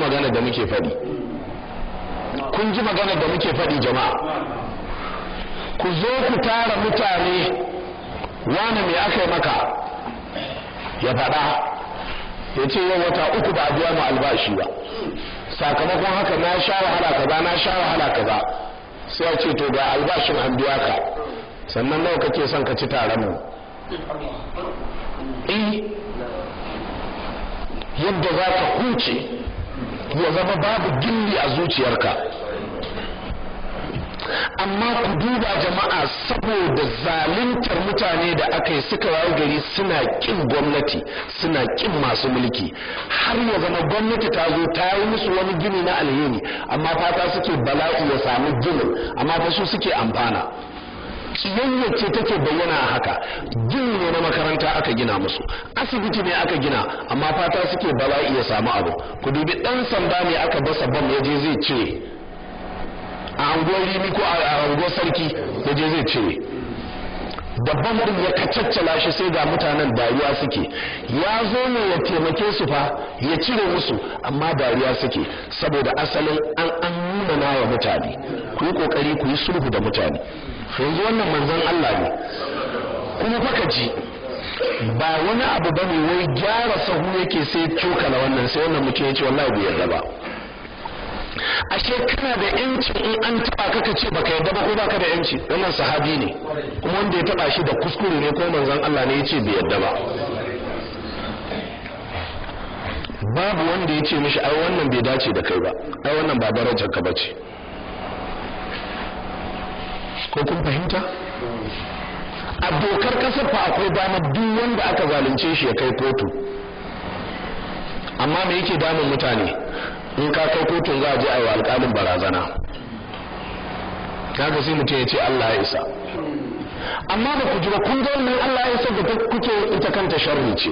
magana da muke faɗi kun ji magana da muke faɗi jama'a ku zo ku tara mutane wani mai aka yi maka ya faɗa ya ce yau wata uku ba a biya mu albashi ba sakamakon haka na sha wahala kaza na sha wahala kaza sai ya ce to ga albashin an biya ka sannan nawa kake son ka ci taron mu eh. yadda za ka huce ya zama babu gilli a zuciyarka amma ku duba jama'a saboda zaluntar mutane da aka yi suka waye gari suna kin gwamnati suna kin masu mulki har ya zama gwamnati ta zo ta yi musu wani gini na alheri amma fata suke bala'i ya samu ginin amma fa suke amfana kiyayyar ce take bayyana haka gini ne na makaranta aka gina musu asibiti ne aka gina amma fata suke bala'i ya samu abu ku dubi dan sanda ne aka basa bam ya je zai ce a unguwar rimi ko a unguwar sarki ya je zai ce da bam ya kacaccala shi sai ga mutanen dariya suke ya zo ne ya taimake su fa ya cire musu amma dariya suke saboda asalin an an nuna wa mutane ku yi kokari ku yi sulhu da mutane yanzu wannan manzon Allah ne kuma faka ji ba wani abu bane wai gyara sahu yake sai cokala wannan sai wannan mutum ya ce wallahi bai yarda ba A kana da yanci in an taba kaka ce baka yarda ba ko baka da yanci wannan sahabi ne kuma wanda ya taba shi da kuskure ne ko manzon Allah ne ya ce bai yarda ba babu wanda ya ce mishi ai wannan bai dace da kai ba ai wannan ba darajar ka bace ko kun fahimta a dokar kasar fa akwai damar duk wanda aka zalunce shi ya kai kotu amma me yake damun mutane in ka kai kotun za a je a yi alƙalin barazana kaga sai mutum ya ce Allah ya isa amma ba ku ji kun ga wannan Allah ya isa da kuke ita kanta sharri ce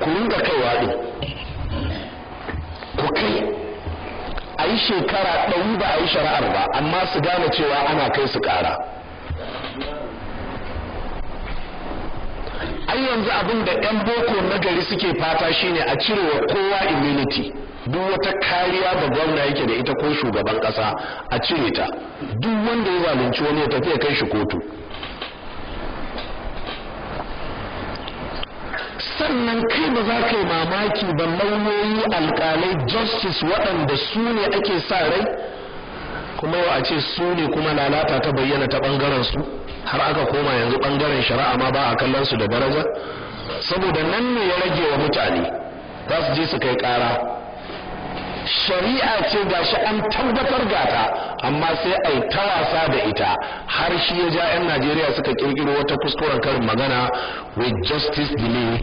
ku ringa kaiwa din ku kai yi shekara ɗari ba a yi shari'ar ba amma su gane cewa ana kai su ƙara ai yanzu abin da 'yan boko na gari suke fata shine a cire wa kowa immunity duk wata kariya da gwamna yake da ita ko shugaban ƙasa a cire ta duk wanda ya zalunci wani ya tafi ya kai shi kotu sannan kai ba za ka yi mamaki ba lauyoyi alkalai justice waɗanda su ne ake sa rai kuma yau a ce su ne kuma lalata ta bayyana ta ɓangaren su har aka koma yanzu ɓangaren shari'a ma ba a kallon su da daraja saboda nan ne ya rage wa mutane za su je su kai ƙara shari'a ce ga shi an tabbatar gata ta amma sai a yi ta wasa da ita har shi ya ja 'yan najeriya suka kirkiro wata kuskuren karin magana with justice delay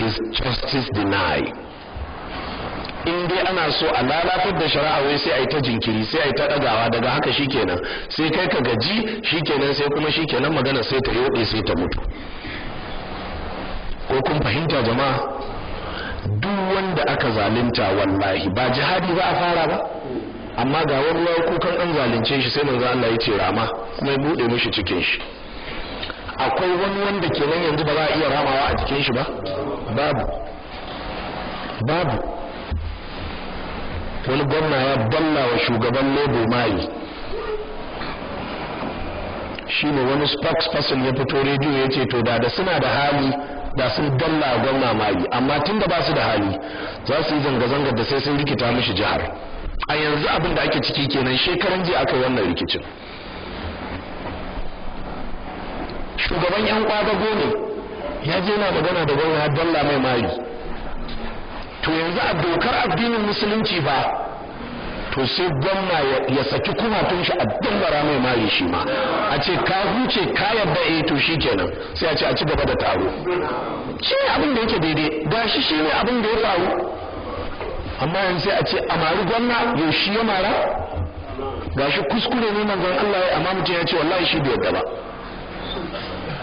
is justice deny in dai ana so a lalatar da shari'a wai sai a yi ta jinkiri sai a yi ta ɗagawa daga haka shikenan sai kai ka gaji shikenan sai kuma shikenan magana sai ta yoɗe sai ta mutu ko kun fahimta jama'a duk wanda aka zalunta wallahi ba jihadi za a fara ba amma ga wani wani kukan an zalunce shi sai manzo Allah ya ce rama kuma ya bude mishi cikin shi akwai wani wanda kenan yanzu ba za a iya ramawa a cikin shi ba babu babu wani gwamna ya balla wa shugaban lebo mayi shi ne wani spokesperson ya fito rediyo ya ce to da da suna da hali da sun dalla a gwamna mai amma tun da ba su da hali za su yi zanga-zangar da sai sun rikita mishi jihar a yanzu abin da ake ciki kenan shekaran jiya aka yi wannan rikicin shugaban yan kwadago ne ya je na magana da gwamna dalla mai mari to yanzu a dokar addinin musulunci ba to sai gwamna ya saki kumatun shi a dangara mai mari shi ma a ce ka huce ka yadda eh to shi kenan sai a ce a ci gaba da taro shi abin da yake daidai da shi shi ne abin da ya faru amma yanzu sai a ce a mari gwamna ya shi ya mara ga shi kuskure ne manzon Allah ya amma mutum ya ce wallahi shi bai yadda ba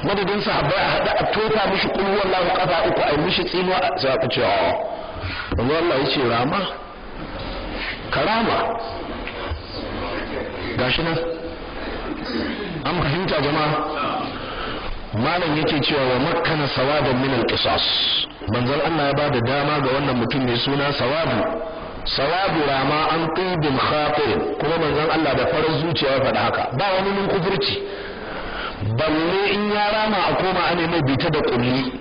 madadin sahabbai a haɗa a tofa mishi kulwar lahu kafa uku a yi mishi tsinuwa a zaɓi cewa wani Allah ya ce rama karama gashi nan an fahimta jama'a malam yake cewa wa makkana sawaban min al-qisas manzon Allah ya bada dama ga wannan mutum mai suna sawabu sawabu rama an qibin khatir kuma manzon Allah da farar zuciya ya faɗa haka ba wani mun kufurci balle in ya rama a koma ana mai bita da kulli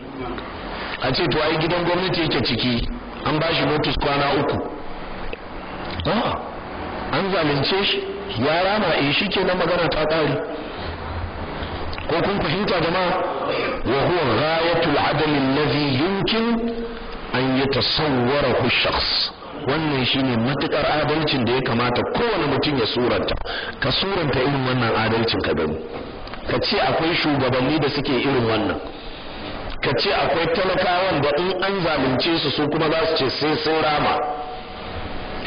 a ce to ai gidan gwamnati yake ciki an ba shi notis kwana uku ah, an zalunce shi ya rama in eh, shi kenan magana ta ƙare ko kun fahimta jama'a wa huwa ghayatul adal allazi yumkin an hu shakhs wannan shine matukar adalcin da ya kamata kowane mutum ya suranta ka suranta irin wannan adalcin ka gani ka ce akwai shugabanni da suke irin wannan ka ce akwai talakawan da in an zalunce su su kuma za su ce sai sun rama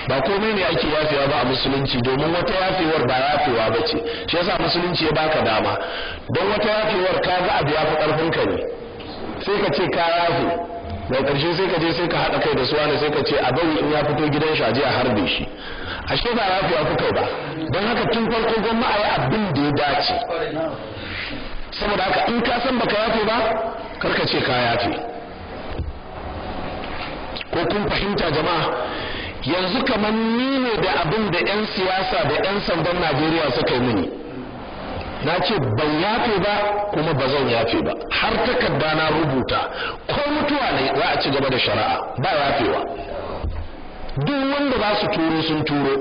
ba komai ne ake yafewa ba a musulunci domin wata yafewar ba yafewa ba ce shi yasa musulunci ya baka dama don wata yafewar ka ga abu ya fi karfin ka ne sai ka ce ka yafe daga ƙarshe sai ka je sai ka haɗa kai da su wani sai ka ce a bari in ya fito gidan shi a je a harbe shi ashe ba yafewa kuka ba don haka tun farko gwamma a yi abin da ya dace saboda haka in ka san baka yafe ba karka ce ka yafe ko kun fahimta jama'a yanzu kamar ni ne da abin da 'yan siyasa da 'yan sandan najeriya suka yi mini na ce ban yafe ba kuma ba zan yafe ba har takarda na rubuta ko mutuwa ne za a ci gaba da shari'a ba yafewa duk wanda ba su turo sun turo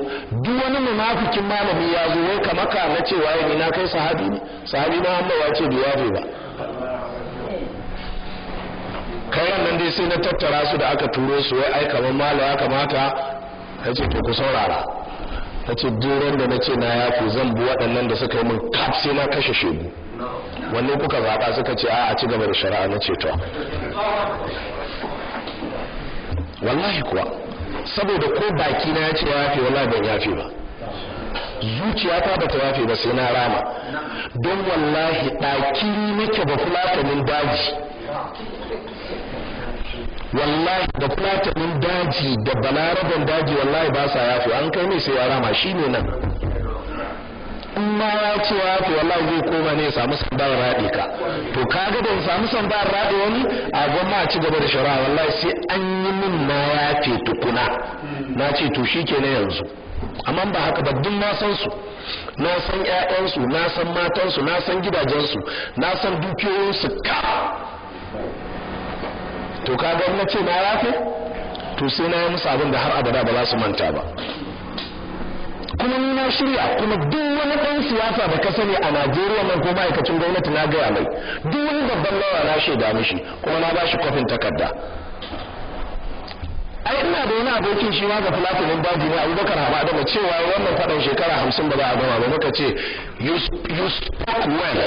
duk wani munafikin malami ya zo wai kamar ka na cewa ya na kai sahabi ne sahabi na amma ya ce bai yafe ba kayan nan dai sai na tattara su da aka turo su wai ai kamar malam ya kamata ya ce to ku saurara ya ce duran da na ce na yafe zan bi waɗannan da suka yi min kaf sai na kashe shegu wannan kuka zaɓa suka ce a a ci gaba da shari'a na ce to wallahi kuwa saboda ko baki na ya ce ya fi wallahi ban yafe ba zuciyata bata yafe ba sai na rama don wallahi ɗaki nake ba fulatanin daji wallahi da fulatanin daji da balarabin daji wallahi ba sa yafe an kai ne sai ya rama ne nan in ma ya ce ya to wallahi zai koma ne ya samu sandar raɗe ka to ka ga da samu sandar raɗe wani a gwamma a ci gaba da shara wallahi sai an yi min ma ya ce tukuna na ce to shi ke na yanzu amma ba haka ba duk na san su na san ƴaƴansu na san matansu na san gidajensu na san dukiyoyinsu ka to kaga na ce na yafe to sai na yi musu abin da har abada ba za su manta ba kuma ni na shirya kuma duk wani ɗan siyasa da ka sani a Najeriya nan ko ma'aikacin gwamnati na gaya mai duk wani babban lawa na shaida mishi kuma na ba shi kwafin takarda yi ina da wani abokin shi ma ga fulatunin daji ne abubakar hamada da cewa wannan faɗan shekara hamsin ba za a gama ba muka ce you spoke well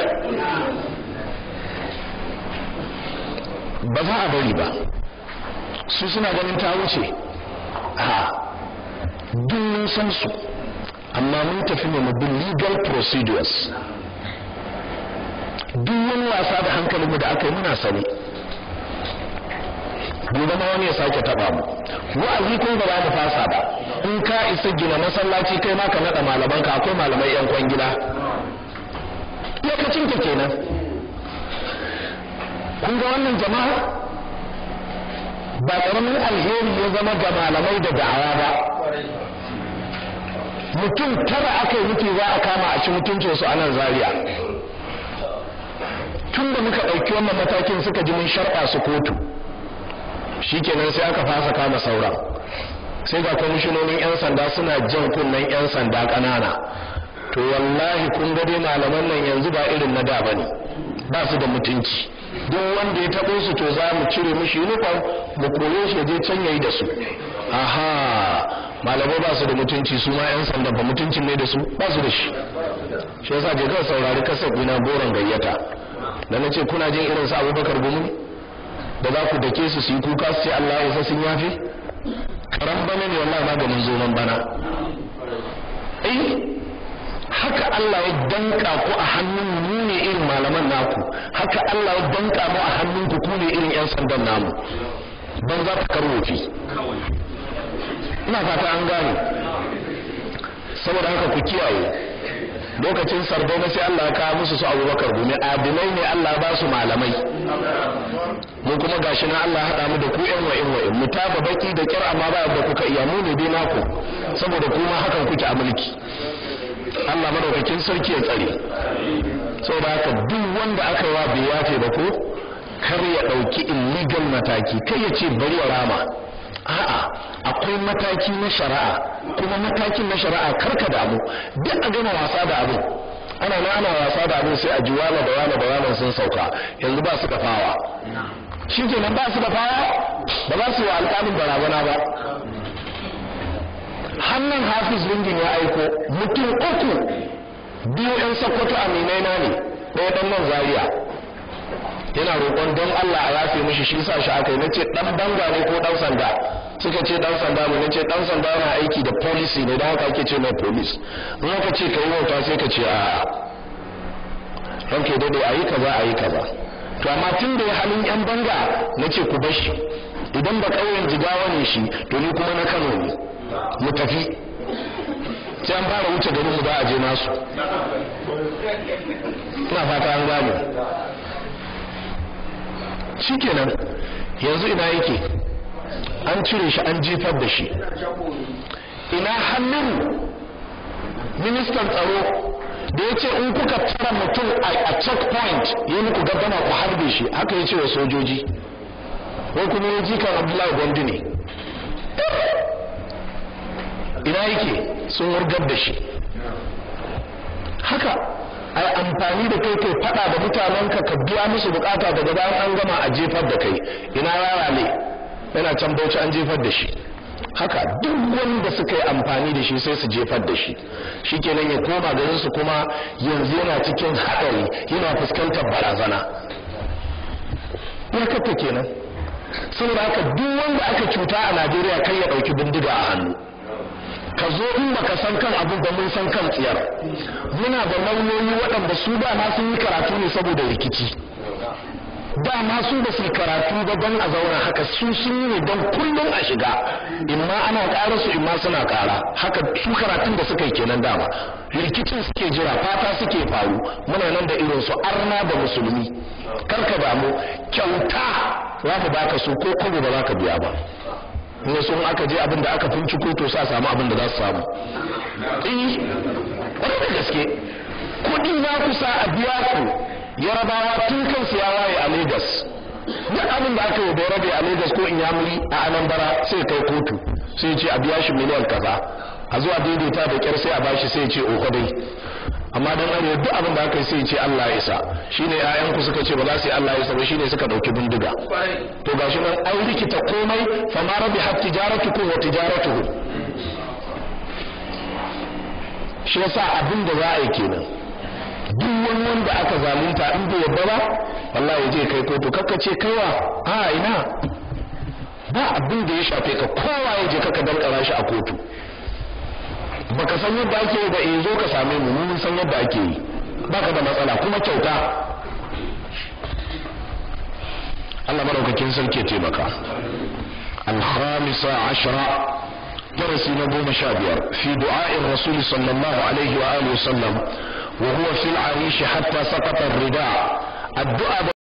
ba za a bari ba su suna ganin ta wuce a duk san su amma mun tafi ne mu bi legal procedures duk wani wasa da mu da aka yi muna sani gobe ma wani ya sake taba mu wa'azi ko ba za mu fasa ba in ka isa gina masallaci kai ma ka nada malaman ka akwai malamai yan gida. lokacin ka kenan kun ga wannan jama'a ba karamin alheri ya zama ga malamai da da'awa ba mutum tara aka yi mutu za a kama a ci mutuncinsu wasu anan zaria tun da muka ɗauki wannan matakin suka ji mun sharɓa su kotu shikenan sai aka fasa kama sauran sai ga kwamishinonin 'yan sanda suna jan kunnen 'yan sanda ƙanana to wallahi kun ga dai malaman nan yanzu ba irin na da bane ba su da mutunci duk wanda ya taɓo su to za mu cire mishi uniform mu koyo shi je can yayi da su aha malamai ba su da mutunci su ma 'yan sanda ba mutunci ne da su ba su da shi shi yasa je kan saurari kasar ina goron gayyata da na ce kuna jin irin su abubakar gumi da za ku dake su su yi kuka su ce allah ya sun yafe karan bana ne wallahi maganin zoman bana eh haka allah ya danka ku a hannun mu ne irin malaman naku haka allah ya danka mu a hannun ku ku ne irin 'yan sandan namu ban za ta karwofi ina fata an gane saboda haka ku kiyaye lokacin na sai Allah ka musu su abubakar domin adilai ne Allah ba su malamai mu kuma gashi na Allah haɗa mu da ku yan wa'in wa'in mu tafa baki da kyar amma ba da kuka iya mu ne dai naku saboda kuma hakan kuke a mulki Allah madaukakin sarki ya tsare saboda haka duk wanda aka yi wa bai yafe ba ko kar ya ɗauki illegal mataki kai ya ce bari rama a'a akwai mataki na shari'a kuma matakin na shari'a karka damu duk a gama wasa da abin ana na ana wasa da abin sai a ji wala da wala da wala sun sauka yanzu ba su da fawa shi nan ba su da fawa ba za su yi wa alƙalin barazana ba hannun hafiz lingin ya aiko mutum uku biyu 'yan sokoto a na ne ɗaya ɗan nan zaria yana roƙon don Allah a yafe mishi shi sa shi aka yi nace dan banga ne ko dan sanda suka ce dan sanda ne nace dan sanda yana aiki da policy ne da haka ake ce mai police in aka ce kai wauta sai ka ce a ranke dade ayi kaza ayi kaza to amma tun da ya halin yan banga nace ku bar shi idan ba ƙauyen jigawa ne shi to ni kuma na Kano ne mu tafi sai an fara wuce garin mu ba a je nasu ina fata an gane shikenan yanzu ina yake an cire shi an jifar da shi ina hannun ministan tsaro da ya ce in kuka tara mutum a checkpoint ya muku gaddama ku harbe shi haka ya ce wa sojoji wai kuma ya ji kan abdullahi gwandu ne ina yake sun wurgar da shi haka ai amfani da kai kai fada da mutanen ka biya musu bukata daga bayan an gama a jefar da kai ina yara ne yana can bauchi an jefar da shi haka duk wanda suka yi amfani da shi sai su jefar da shi shi ya koma garin su kuma yanzu yana cikin haɗari yana fuskantar barazana ya kafa kenan saboda haka duk wanda aka cuta a najeriya kai ya ɗauki bindiga a hannu ka zo in baka san kan abin da mun san kan tsiyar muna da lauyoyi waɗanda su ba na sun yi karatu ne saboda rikici da ma su ba su karatu ba don a zauna haka su sun yi ne don kullum a shiga in ma ana ƙara su ma suna ƙara haka su karatun da suka yi kenan dama rikicin suke jira fata suke faru muna nan da irin su arna da musulmi karka damu kyauta za mu baka su ko kuma ba za ka biya ba ne sun aka je abin da aka finciko to sa samu abin da za su samu eh wani da gaske kuɗi na kusa a biya ku yarabawa tun kan ya waye a lagos duk abin da aka yi bayarabe a lagos ko in yamuri a bara sai kai kotu sai ce a biya shi miliyan kaza a zuwa daidaita da kyar sai a bashi sai ce oho dai amma dan arewa duk abin da aka yi sai ce Allah ya isa shine ƴaƴan ku suka ce ba za su yi Allah ya isa ba shine suka ɗauki bindiga to shi nan an rikita komai fa ma rabi hat tijaratukum wa tijaratuhu shi yasa abin da za a yi kenan duk wani wanda aka zalunta in bai yarda ba wallahi ya je kai kotu kakka ce kaiwa a ina ba abin da ya shafe ka kowa ya je kaka dankara shi a kotu baka san yadda ake da eh zo ka same mu mun san yadda ake yi baka da matsala kuma kyauta Allah madaukakin sarki ya taimaka al الخامسة عشرة درس نبوم شابير في دعاء الرسول صلى الله عليه وآله وسلم وهو في العريش حتى سقط الرداء الدعاء